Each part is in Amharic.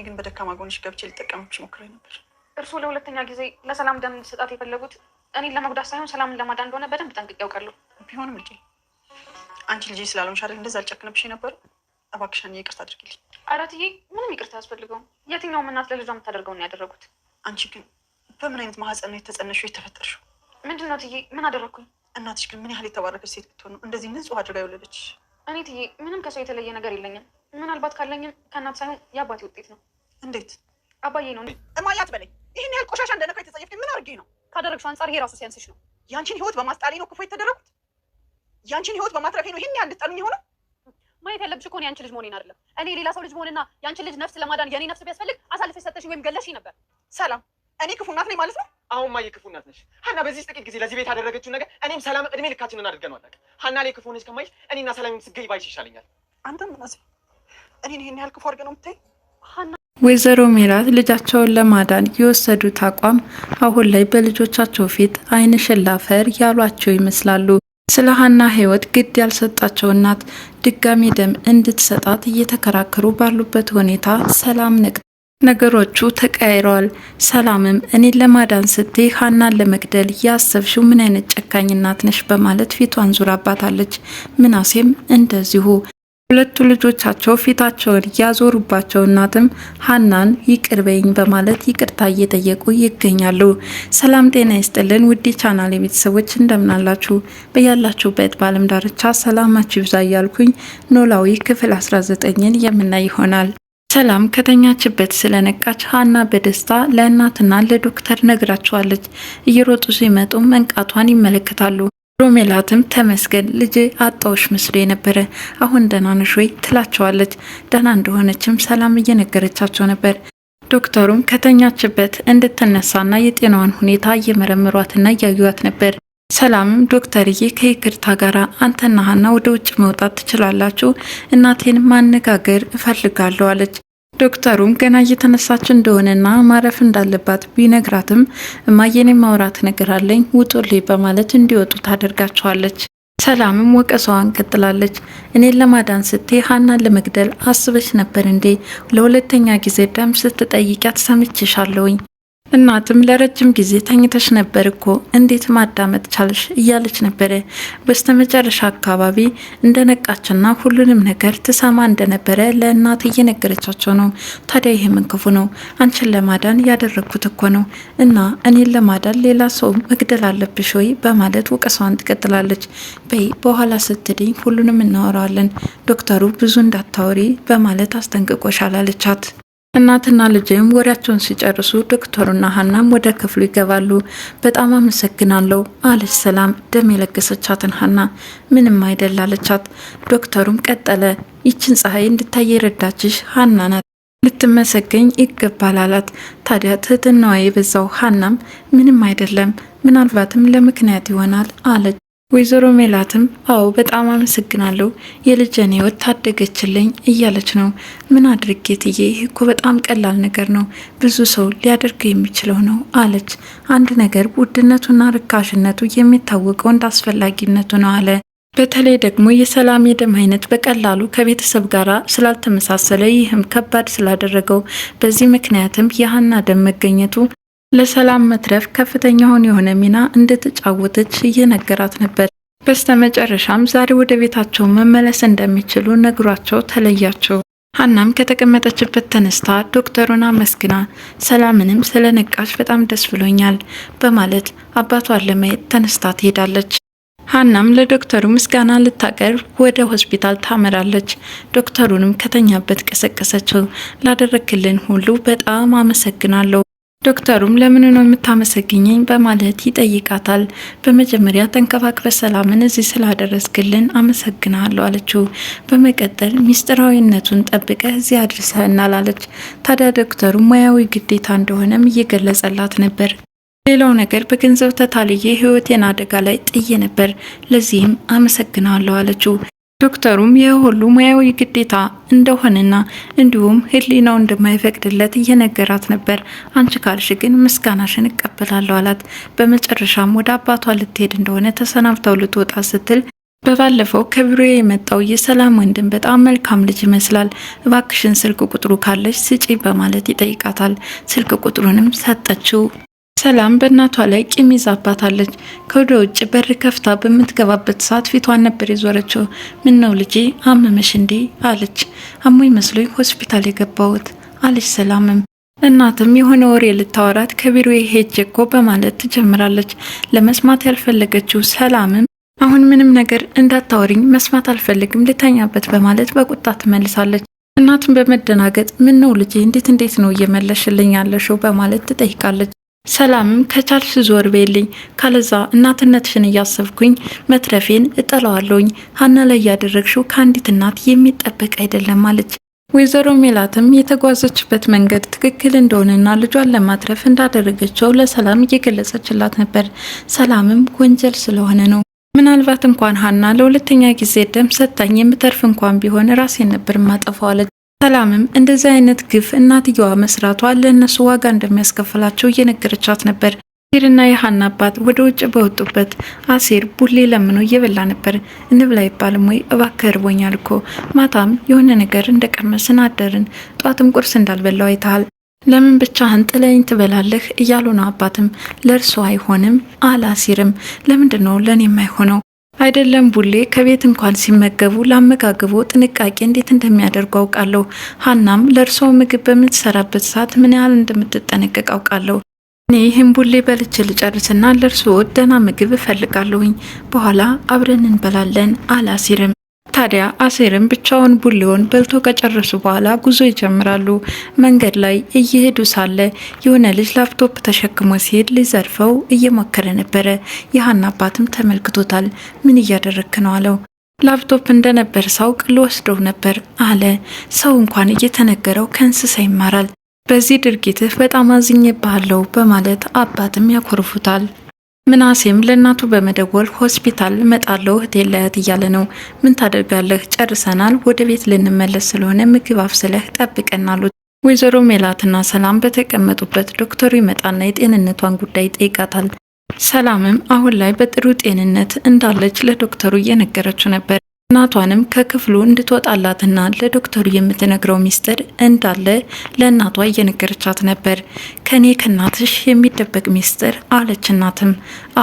እኔ ግን በደካማ ጎንሽ ገብቼ ሊጠቀምብሽ ሞክሬ ነበር። እርስዎ ለሁለተኛ ጊዜ ለሰላም ደም እንድሰጣት የፈለጉት እኔን ለመጉዳት ሳይሆን ሰላምን ለማዳ እንደሆነ በደንብ ጠንቅቄ ያውቃሉ። ቢሆንም ልጄ አንቺ ልጅ ስላለሆንሽ አይደል እንደዛ አልጨክንብሽ የነበረው። እባክሽ አንዬ ይቅርታ አድርጊልኝ። ኧረ ምንም ይቅርታ አያስፈልገውም። የትኛውም እናት ለልጇ የምታደርገው ነው ያደረጉት። አንቺ ግን በምን አይነት ማህፀን ነው የተጸነሹ የተፈጠርሽው? ምንድን ነው ትዬ ምን አደረግኩኝ? እናትሽ ግን ምን ያህል የተባረከች ሴት ብትሆን ነው እንደዚህ ንጹህ አድርጋ የወለደች? እኔ ትዬ ምንም ከሰው የተለየ ነገር የለኝም። ምናልባት ካለኝም ከእናት ሳይሆን የአባቴ ውጤት ነው። እንዴት አባዬ ነው እማያት በለኝ። ይህን ያህል ቆሻሻ እንደነካ የተጸየፍ ምን አድርጌ ነው? ካደረግሽው አንጻር ይሄ ራሱ ሲያንስሽ ነው። ያንቺን ህይወት በማስጣሌ ነው ክፉ የተደረጉት። ያንቺን ህይወት በማትረፌ ነው ይህን ያህል እንድትጠሉኝ የሆነው። ማየት ያለብሽ እኮ ያንቺ ልጅ መሆኔን አይደለም። እኔ ሌላ ሰው ልጅ መሆንና ያንቺን ልጅ ነፍስ ለማዳን የኔ ነፍስ ቢያስፈልግ አሳልፈሽ ሰጠሽኝ ወይም ገለሽኝ ነበር። ሰላም እኔ ክፉ እናት ነኝ ማለት ነው? አሁን ማየ ክፉ እናት ነሽ ሀና። በዚህ ጥቂት ጊዜ ለዚህ ቤት ያደረገችው ነገር እኔም ሰላም እድሜ ልካችንን አድርገን ዋላቅ ሀና ላይ ክፉ ነች ከማየት እኔና ሰላም ስገይ ባይሽ ይሻለኛል። አንተም ምናሴ እኔን ይሄን ያህል ክፉ አድርገህ ነው የምታይ? ወይዘሮ ሜላት ልጃቸውን ለማዳን የወሰዱት አቋም አሁን ላይ በልጆቻቸው ፊት ዓይን ሽላፈር ያሏቸው ይመስላሉ። ስለ ሀና ግድ ያልሰጣቸው እናት ድጋሚ ደም እንድትሰጣት እየተከራከሩ ባሉበት ሁኔታ ሰላም ነቅ ነገሮቹ ተቀያይረዋል። ሰላምም እኔን ለማዳን ስትይ ሀናን ለመግደል ያሰብሽው ምን አይነት ጨካኝ እናት ነሽ በማለት ፊቷን ዙራባታለች። ምናሴም እንደዚሁ ሁለቱ ልጆቻቸው ፊታቸውን እያዞሩባቸው እናትም ሀናን ይቅርበኝ በማለት ይቅርታ እየጠየቁ ይገኛሉ። ሰላም ጤና ይስጥልን ውድ ቻናል የቤተሰቦች እንደምናላችሁ በያላችሁበት በአለም ዳርቻ ሰላማችሁ ይብዛ እያልኩኝ ኖላዊ ክፍል 19ን የምናይ ይሆናል። ሰላም ከተኛችበት ስለነቃች ሀና በደስታ ለእናትና ለዶክተር ነግራቸዋለች። እየሮጡ ሲመጡ መንቃቷን ይመለከታሉ። ሮሜላትም ተመስገን ልጅ አጣዎች መስሎ የነበረ አሁን ደህና ነሽ ወይ ትላቸዋለች። ደህና እንደሆነችም ሰላም እየነገረቻቸው ነበር። ዶክተሩም ከተኛችበት እንድትነሳና የጤናዋን ሁኔታ እየመረምሯትና እያዩዋት ነበር። ሰላምም ዶክተርዬ ከይቅርታ ጋር አንተና ሀና ወደ ውጭ መውጣት ትችላላችሁ፣ እናቴን ማነጋገር እፈልጋለሁ አለች። ዶክተሩም ገና እየተነሳች እንደሆነና ማረፍ እንዳለባት ቢነግራትም እማየኔ ማውራት ነገር አለኝ ውጡልኝ በማለት እንዲወጡ ታደርጋቸዋለች። ሰላምም ወቀሰዋን ቀጥላለች። እኔን ለማዳን ስቴ ሀናን ለመግደል አስበሽ ነበር እንዴ? ለሁለተኛ ጊዜ ደም ስትጠይቂያት ሰምቼሻለሁኝ። እናትም ለረጅም ጊዜ ተኝተሽ ነበር እኮ እንዴት ማዳመጥ ቻልሽ? እያለች ነበረ። በስተመጨረሻ አካባቢ እንደነቃችና ሁሉንም ነገር ትሰማ እንደነበረ ለእናት እየነገረቻቸው ነው። ታዲያ ይህ ምን ክፉ ነው? አንቺን ለማዳን ያደረግኩት እኮ ነው እና እኔን ለማዳን ሌላ ሰው መግደል አለብሽ ወይ? በማለት ውቀሷን ትቀጥላለች። በይ በኋላ ስትድኝ ሁሉንም እናወራዋለን፣ ዶክተሩ ብዙ እንዳታወሪ በማለት አስጠንቅቆሻል አለቻት። እናትና ልጅም ወሬያቸውን ሲጨርሱ ዶክተሩና ሀናም ወደ ክፍሉ ይገባሉ። በጣም አመሰግናለሁ አለች ሰላም ደም የለገሰቻትን ሀና። ምንም አይደል አለቻት። ዶክተሩም ቀጠለ፣ ይችን ፀሐይ እንድታይ የረዳችሽ ሀና ናት፣ ልትመሰገኝ ይገባል አላት። ታዲያ ትህትናዋ የበዛው ሀናም ምንም አይደለም፣ ምናልባትም ለምክንያት ይሆናል አለች። ወይዘሮ ሜላትም አዎ በጣም አመሰግናለሁ የልጄን ሕይወት ታደገችልኝ እያለች ነው። ምን አድርጌ ትዬ እኮ በጣም ቀላል ነገር ነው፣ ብዙ ሰው ሊያደርገ የሚችለው ነው አለች። አንድ ነገር ውድነቱና ርካሽነቱ የሚታወቀው እንደ አስፈላጊነቱ ነው አለ። በተለይ ደግሞ የሰላም የደም አይነት በቀላሉ ከቤተሰብ ጋር ስላልተመሳሰለ ይህም ከባድ ስላደረገው በዚህ ምክንያትም የሀና ደም መገኘቱ ለሰላም መትረፍ ከፍተኛውን የሆነ ሚና እንደተጫወተች እየነገራት ነበር። በስተመጨረሻም ዛሬ ወደ ቤታቸው መመለስ እንደሚችሉ ነግሯቸው ተለያቸው። ሀናም ከተቀመጠችበት ተነስታ ዶክተሩን አመስግና ሰላምንም ስለነቃች በጣም ደስ ብሎኛል በማለት አባቷን ለማየት ተነስታ ትሄዳለች። ሀናም ለዶክተሩ ምስጋና ልታቀርብ ወደ ሆስፒታል ታመራለች። ዶክተሩንም ከተኛበት ቀሰቀሰችው። ላደረክልን ሁሉ በጣም አመሰግናለሁ ዶክተሩም ለምን ነው የምታመሰግኘኝ በማለት ይጠይቃታል። በመጀመሪያ ተንከባክበ ሰላምን እዚህ ስላደረስክልን አመሰግናለሁ አለችው። በመቀጠል ሚስጥራዊነቱን ጠብቀህ እዚህ አድርሰህናል አለች። ታዲያ ዶክተሩ ሙያዊ ግዴታ እንደሆነም እየገለጸላት ነበር። ሌላው ነገር በገንዘብ ተታልዬ ህይወቴን አደጋ ላይ ጥዬ ነበር፣ ለዚህም አመሰግናለሁ አለችው። ዶክተሩም የሁሉ ሙያዊ ግዴታ እንደሆነና እንዲሁም ህሊናው እንደማይፈቅድለት እየነገራት ነበር። አንቺ ካልሽ ግን ምስጋናሽን እቀበላለሁ አላት። በመጨረሻም ወደ አባቷ ልትሄድ እንደሆነ ተሰናብተው ልትወጣ ስትል በባለፈው ከቢሮ የመጣው የሰላም ወንድም በጣም መልካም ልጅ ይመስላል። እባክሽን ስልክ ቁጥሩ ካለች ስጪ በማለት ይጠይቃታል። ስልክ ቁጥሩንም ሰጠችው። ሰላም በእናቷ ላይ ቂም ይዛባታለች። ከወደ ውጭ በር ከፍታ በምትገባበት ሰዓት ፊቷን ነበር የዞረችው። ምን ነው ልጄ አመመሽ እንዴ አለች። አሞኝ መስሎኝ ሆስፒታል የገባሁት አለች ሰላምም። እናትም የሆነ ወሬ ልታወራት ከቢሮ ሄጄ እኮ በማለት ትጀምራለች። ለመስማት ያልፈለገችው ሰላምም አሁን ምንም ነገር እንዳታወሪኝ መስማት አልፈልግም ልተኛበት በማለት በቁጣ ትመልሳለች። እናትም በመደናገጥ ምን ነው ልጄ እንዴት እንዴት ነው እየመለሽልኝ ያለሽው በማለት ትጠይቃለች። ሰላምም ከቻልሽ ዞር በልኝ፣ ካለዛ እናትነትሽን እያሰብኩኝ መትረፌን እጠላዋለሁኝ። ሀና ላይ ያደረግሽው ከአንዲት እናት የሚጠበቅ አይደለም አለች። ወይዘሮ ሜላትም የተጓዘችበት መንገድ ትክክል እንደሆነና ልጇን ለማትረፍ እንዳደረገችው ለሰላም እየገለጸችላት ነበር። ሰላምም ወንጀል ስለሆነ ነው ምናልባት እንኳን ሀና ለሁለተኛ ጊዜ ደም ሰጥታኝ የምተርፍ እንኳን ቢሆን ራሴን ነበር ማጠፋዋለች። ሰላምም እንደዚህ አይነት ግፍ እናትየዋ መስራቷ ለእነሱ ዋጋ እንደሚያስከፍላቸው እየነገረቻት ነበር። አሴርና የሀና አባት ወደ ውጭ በወጡበት አሴር ቡሌ ለምኖ እየበላ ነበር። እንብላ ይባልም ወይ እባክህ እርቦኛል እኮ ማታም የሆነ ነገር እንደቀመስን አደርን፣ ጧትም ቁርስ እንዳልበላው አይተሃል። ለምን ብቻህን ጥለኝ ትበላለህ? እያሉ ነው አባትም። ለእርሱ አይሆንም አለ አሴርም። ለምንድን ነው አይደለም ቡሌ ከቤት እንኳን ሲመገቡ ለአመጋገቡ ጥንቃቄ እንዴት እንደሚያደርጉ አውቃለሁ። ሀናም ለእርስዎ ምግብ በምትሰራበት ሰዓት ምን ያህል እንደምትጠነቀቅ አውቃለሁ። እኔ ይህን ቡሌ በልቼ ልጨርስና ለእርስዎ ደህና ምግብ እፈልጋለሁኝ፣ በኋላ አብረን እንበላለን አላሲርም ታዲያ አሴርም ብቻውን ቡሌውን በልቶ ከጨረሱ በኋላ ጉዞ ይጀምራሉ። መንገድ ላይ እየሄዱ ሳለ የሆነ ልጅ ላፕቶፕ ተሸክሞ ሲሄድ ሊዘርፈው እየሞከረ ነበረ። ይህን አባትም ተመልክቶታል። ምን እያደረክ ነው አለው። ላፕቶፕ እንደነበር ሳውቅ ልወስደው ነበር አለ። ሰው እንኳን እየተነገረው ከእንስሳ ይማራል። በዚህ ድርጊትህ በጣም አዝኜብሃለሁ በማለት አባትም ያኮርፉታል። ምናሴም ለእናቱ በመደወል ሆስፒታል መጣለው እህቴ ላያት እያለ ነው። ምን ታደርጋለህ? ጨርሰናል፣ ወደ ቤት ልንመለስ ስለሆነ ምግብ አብስለህ ጠብቀን አሉት። ወይዘሮ ሜላትና ሰላም በተቀመጡበት ዶክተሩ ይመጣና የጤንነቷን ጉዳይ ይጠይቃታል። ሰላምም አሁን ላይ በጥሩ ጤንነት እንዳለች ለዶክተሩ እየነገረችው ነበር። እናቷንም ከክፍሉ እንድትወጣላትና ለዶክተሩ የምትነግረው ሚስጥር እንዳለ ለእናቷ እየነገረቻት ነበር። ከኔ ከእናትሽ የሚደበቅ ሚስጥር አለች። እናትም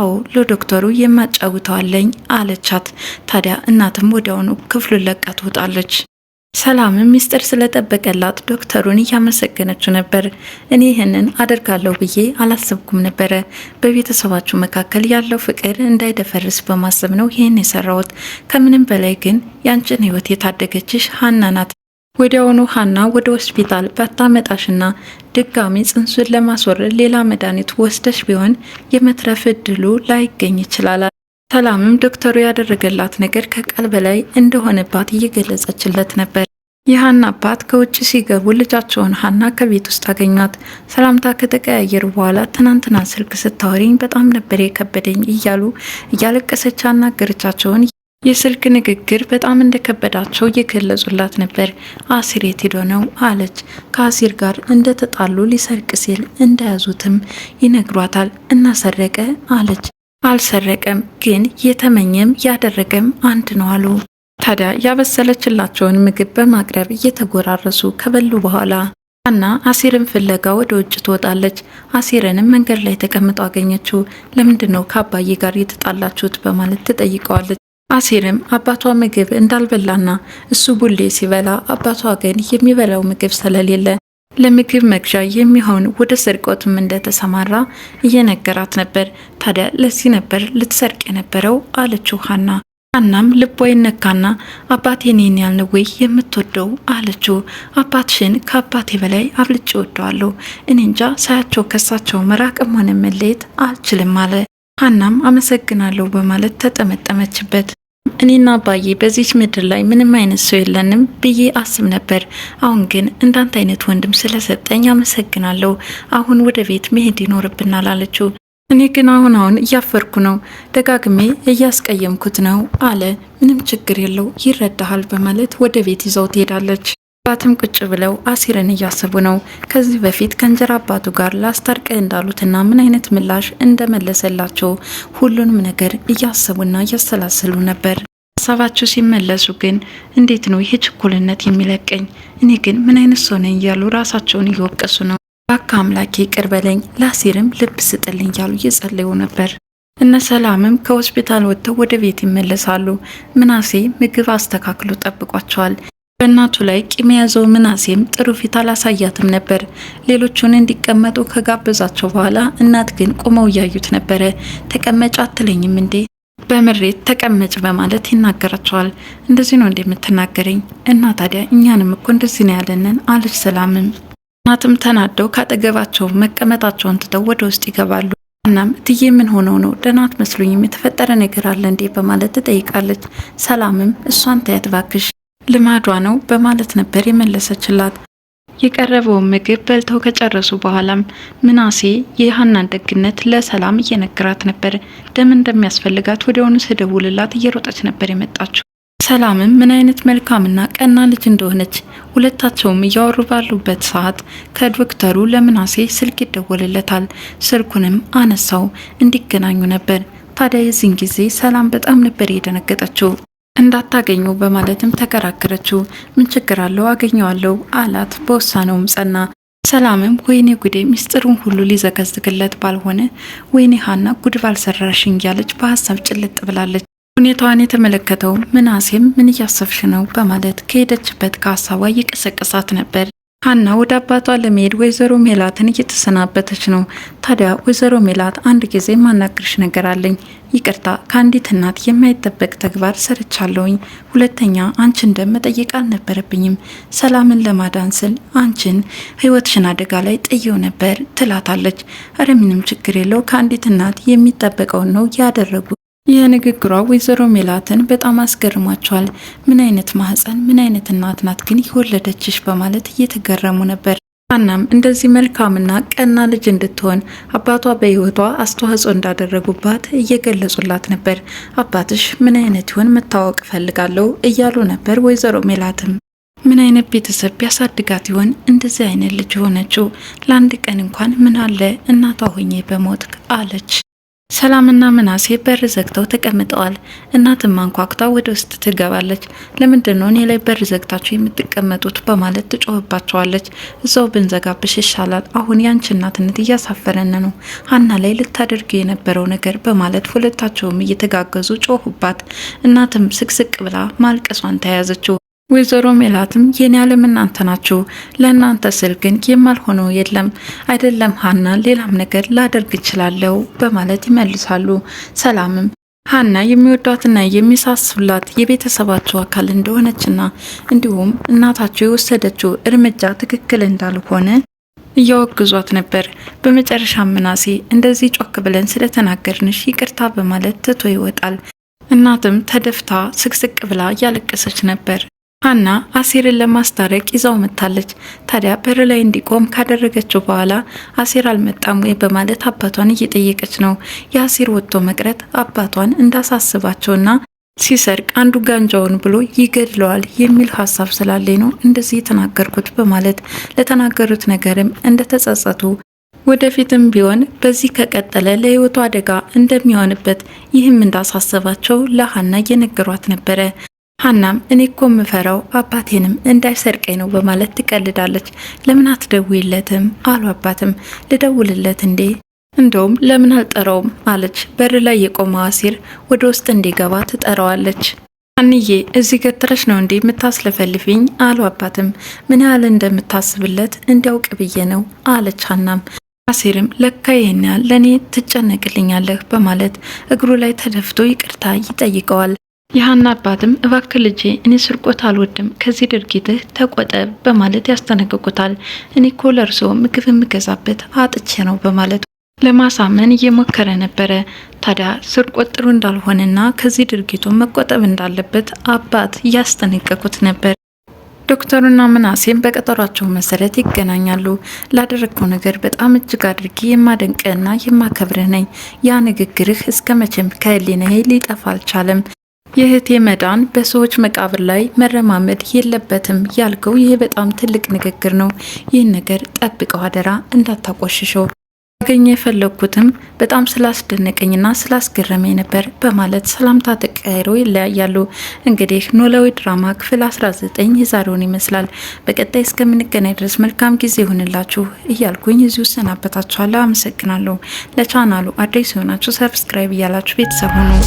አዎ ለዶክተሩ የማጫውተዋለኝ አለቻት። ታዲያ እናትም ወዲያውኑ ክፍሉን ለቃ ትወጣለች። ሰላምም ሚስጥር ስለጠበቀላት ዶክተሩን እያመሰገነችው ነበር። እኔ ይህንን አደርጋለሁ ብዬ አላሰብኩም ነበረ። በቤተሰባችሁ መካከል ያለው ፍቅር እንዳይደፈርስ በማሰብ ነው ይህን የሰራሁት። ከምንም በላይ ግን ያንቺን ህይወት የታደገችሽ ሀና ናት። ወዲያውኑ ሀና ወደ ሆስፒታል ባታመጣሽና ድጋሚ ጽንሱን ለማስወረድ ሌላ መድኃኒት ወስደሽ ቢሆን የመትረፍ እድሉ ላይገኝ ይችላል። ሰላምም ዶክተሩ ያደረገላት ነገር ከቃል በላይ እንደሆነባት እየገለጸችለት ነበር። የሀና አባት ከውጭ ሲገቡ ልጃቸውን ሀና ከቤት ውስጥ አገኟት። ሰላምታ ከተቀያየሩ በኋላ ትናንትና ስልክ ስታወሪኝ በጣም ነበር የከበደኝ እያሉ እያለቀሰች አናገረቻቸውን። የስልክ ንግግር በጣም እንደከበዳቸው እየገለጹላት ነበር። አሲር የት ሄዶ ነው አለች። ከአሲር ጋር እንደተጣሉ ሊሰርቅ ሲል እንደያዙትም ይነግሯታል። እናሰረቀ አለች። አልሰረቀም፣ ግን የተመኘም ያደረገም አንድ ነው አሉ። ታዲያ ያበሰለችላቸውን ምግብ በማቅረብ እየተጎራረሱ ከበሉ በኋላ ሀና አሲርን ፍለጋ ወደ ውጭ ትወጣለች። አሲርንም መንገድ ላይ ተቀምጦ አገኘችው። ለምንድን ነው ከአባዬ ጋር የተጣላችሁት በማለት ትጠይቀዋለች። አሲርም አባቷ ምግብ እንዳልበላና እሱ ቡሌ ሲበላ አባቷ ግን የሚበላው ምግብ ስለሌለ ለምግብ መግዣ የሚሆን ወደ ስርቆትም እንደተሰማራ እየነገራት ነበር። ታዲያ ለዚህ ነበር ልትሰርቅ የነበረው አለችው ሀና። ሀናም ልቧ ይነካና አባቴ እኔን ያልነው ወይ የምትወደው አለችው። አባትሽን ከአባቴ በላይ አብልጭ ወደዋለሁ። እኔ እንጃ ሳያቸው ከሳቸው መራቅም ሆነ መለየት አልችልም አለ። ሀናም አመሰግናለሁ በማለት ተጠመጠመችበት። እኔና አባዬ በዚች ምድር ላይ ምንም አይነት ሰው የለንም ብዬ አስብ ነበር። አሁን ግን እንዳንተ አይነት ወንድም ስለሰጠኝ አመሰግናለሁ። አሁን ወደ ቤት መሄድ ይኖርብናል አለችው። እኔ ግን አሁን አሁን እያፈርኩ ነው፣ ደጋግሜ እያስቀየምኩት ነው አለ። ምንም ችግር የለው ይረዳሃል በማለት ወደ ቤት ይዘው ትሄዳለች። አባትም ቁጭ ብለው አሲርን እያሰቡ ነው። ከዚህ በፊት ከእንጀራ አባቱ ጋር ላስታርቅ እንዳሉትና ምን አይነት ምላሽ እንደመለሰላቸው ሁሉንም ነገር እያሰቡና እያሰላሰሉ ነበር። ሀሳባቸው ሲመለሱ ግን እንዴት ነው ይህ ችኩልነት የሚለቀኝ? እኔ ግን ምን አይነት ሰው ነኝ እያሉ ራሳቸውን እየወቀሱ ነው። ባካ አምላኬ ይቅር በለኝ፣ ለአሲርም ልብ ስጥልኝ እያሉ እየጸለዩ ነበር። እነ ሰላምም ከሆስፒታል ወጥተው ወደ ቤት ይመለሳሉ። ምናሴ ምግብ አስተካክሎ ጠብቋቸዋል። በእናቱ ላይ ቂም የያዘው ምናሴም ጥሩ ፊት አላሳያትም ነበር። ሌሎቹን እንዲቀመጡ ከጋበዛቸው በኋላ እናት ግን ቆመው እያዩት ነበረ። ተቀመጭ አትለኝም እንዴ? በምሬት ተቀመጭ በማለት ይናገራቸዋል። እንደዚህ ነው እንደምትናገረኝ እና ታዲያ እኛንም እኮ እንደዚህ ነው ያለንን አለች ሰላምም። እናትም ተናደው ካጠገባቸው መቀመጣቸውን ትተው ወደ ውስጥ ይገባሉ። እናም እትዬ ምን ሆነው ነው ደህና አትመስሉኝም፣ የተፈጠረ ነገር አለ እንዴ? በማለት ትጠይቃለች። ሰላምም እሷን ታያት ልማዷ ነው በማለት ነበር የመለሰችላት። የቀረበውን ምግብ በልተው ከጨረሱ በኋላም ምናሴ የሀናን ደግነት ለሰላም እየነገራት ነበር። ደም እንደሚያስፈልጋት ወዲያውኑ ስደውልላት እየሮጠች ነበር የመጣችው። ሰላምም ምን አይነት መልካምና ቀና ልጅ እንደሆነች ሁለታቸውም እያወሩ ባሉበት ሰዓት ከዶክተሩ ለምናሴ ስልክ ይደወልለታል። ስልኩንም አነሳው፣ እንዲገናኙ ነበር። ታዲያ የዚህን ጊዜ ሰላም በጣም ነበር የደነገጠችው። እንዳታገኙ በማለትም ተከራከረችው። ምን ችግር አለው አገኘዋለሁ አላት። በውሳኔውም ጸና። ሰላምም ወይኔ ጉዴ ሚስጥሩን ሁሉ ሊዘገዝግለት ባልሆነ፣ ወይኔ ሀና ጉድ ባልሰራሽኝ እያለች በሀሳብ ጭልጥ ብላለች። ሁኔታዋን የተመለከተው ምናሴም ምን እያሰብሽ ነው በማለት ከሄደችበት ከሀሳቧ እየቀሰቀሳት ነበር። ሀና ወደ አባቷ ለመሄድ ወይዘሮ ሜላትን እየተሰናበተች ነው። ታዲያ ወይዘሮ ሜላት አንድ ጊዜ ማናግርሽ ነገር አለኝ። ይቅርታ ከአንዲት እናት የማይጠበቅ ተግባር ሰርቻለውኝ። ሁለተኛ አንቺን ደም መጠየቅ አልነበረብኝም። ሰላምን ለማዳን ስል አንቺን ህይወትሽን አደጋ ላይ ጥየው ነበር ትላታለች። እረ ምንም ችግር የለው ከአንዲት እናት የሚጠበቀውን ነው ያደረጉ የንግግሯ ወይዘሮ ሜላትን በጣም አስገርሟቸዋል። ምን አይነት ማህፀን፣ ምን አይነት እናት ናት ግን የወለደችሽ በማለት እየተገረሙ ነበር። ሀናም እንደዚህ መልካምና ቀና ልጅ እንድትሆን አባቷ በህይወቷ አስተዋጽኦ እንዳደረጉባት እየገለጹላት ነበር። አባትሽ ምን አይነት ይሆን መታወቅ እፈልጋለሁ እያሉ ነበር። ወይዘሮ ሜላትም ምን አይነት ቤተሰብ ቢያሳድጋት ይሆን እንደዚህ አይነት ልጅ ሆነችው? ለአንድ ቀን እንኳን ምን አለ እናቷ ሆኜ በሞት አለች። ሰላምና ምናሴ በር ዘግተው ተቀምጠዋል። እናትም አንኳኩታ ወደ ውስጥ ትገባለች። ለምንድን ነው እኔ ላይ በር ዘግታችሁ የምትቀመጡት? በማለት ትጮህባቸዋለች። እዛው ብንዘጋብሽ ይሻላል። አሁን ያንቺ እናትነት እያሳፈረን ነው፣ ሀና ላይ ልታደርግ የነበረው ነገር በማለት ሁለታቸውም እየተጋገዙ ጮሁባት። እናትም ስቅስቅ ብላ ማልቀሷን ተያያዘችው። ወይዘሮ ሜላትም የኔ ዓለም እናንተ ናችሁ፣ ለእናንተ ስል ግን የማልሆነው የለም አይደለም ሀና፣ ሌላም ነገር ላደርግ እችላለሁ በማለት ይመልሳሉ። ሰላምም ሀና የሚወዷትና የሚሳስብላት የቤተሰባቸው አካል እንደሆነችና እንዲሁም እናታቸው የወሰደችው እርምጃ ትክክል እንዳልሆነ እያወግዟት ነበር። በመጨረሻ ምናሴ እንደዚህ ጮክ ብለን ስለተናገርንሽ ይቅርታ በማለት ትቶ ይወጣል። እናትም ተደፍታ ስቅስቅ ብላ እያለቀሰች ነበር። ሀና አሴርን ለማስታረቅ ይዛው መጥታለች። ታዲያ በር ላይ እንዲቆም ካደረገችው በኋላ አሴር አልመጣም ወይ በማለት አባቷን እየጠየቀች ነው። የአሴር ወጥቶ መቅረት አባቷን እንዳሳስባቸውና ሲሰርቅ አንዱ ጋንጃውን ብሎ ይገድለዋል የሚል ሀሳብ ስላለኝ ነው እንደዚህ የተናገርኩት በማለት ለተናገሩት ነገርም እንደተጸጸቱ ወደፊትም ቢሆን በዚህ ከቀጠለ ለህይወቱ አደጋ እንደሚሆንበት ይህም እንዳሳሰባቸው ለሀና እየነገሯት ነበረ። ሀናም እኔ እኮ የምፈራው አባቴንም እንዳይሰርቀኝ ነው በማለት ትቀልዳለች። ለምን አትደውይለትም አሉ አባትም። ልደውልለት እንዴ እንደውም ለምን አልጠራውም አለች። በር ላይ የቆመው አሲር ወደ ውስጥ እንዲገባ ትጠራዋለች። አንዬ እዚህ ገትረሽ ነው እንዴ የምታስለፈልፊኝ አሉ አባትም። ምን ያህል እንደምታስብለት እንዲያውቅ ብዬ ነው አለች ሀናም። አሲርም ለካ ይህን ያህል ለእኔ ትጨነቅልኛለህ በማለት እግሩ ላይ ተደፍቶ ይቅርታ ይጠይቀዋል። የሀና አባትም እባክህ ልጄ እኔ ስርቆት አልወድም፣ ከዚህ ድርጊትህ ተቆጠብ በማለት ያስጠነቅቁታል። እኔ እኮ ምግብ የምገዛበት አጥቼ ነው በማለት ለማሳመን እየሞከረ ነበረ። ታዲያ ስርቆት ጥሩ እንዳልሆነና ከዚህ ድርጊቱ መቆጠብ እንዳለበት አባት እያስጠነቀቁት ነበር። ዶክተሩና ምናሴም በቀጠሯቸው መሰረት ይገናኛሉ። ላደረግከው ነገር በጣም እጅግ አድርጌ የማደንቅህና የማከብርህ ነኝ። ያ ንግግርህ እስከ መቼም ከህሊናዬ ሊጠፋ አልቻለም። የእህቴ መዳን በሰዎች መቃብር ላይ መረማመድ የለበትም ያልከው ይህ በጣም ትልቅ ንግግር ነው። ይህን ነገር ጠብቀው አደራ እንዳታቆሽሸው። ያገኘ የፈለግኩትም በጣም ስላስደነቀኝና ስላስገረመኝ ነበር በማለት ሰላምታ ተቀያይሮ ይለያያሉ። እንግዲህ ኖላዊ ድራማ ክፍል 19 የዛሬውን ይመስላል። በቀጣይ እስከምንገናኝ ድረስ መልካም ጊዜ ይሆንላችሁ እያልኩኝ እዚሁ እሰናበታችኋለሁ። አመሰግናለሁ። ለቻናሉ አዲስ የሆናችሁ ሰብስክራይብ እያላችሁ ቤተሰብ ሁኑ።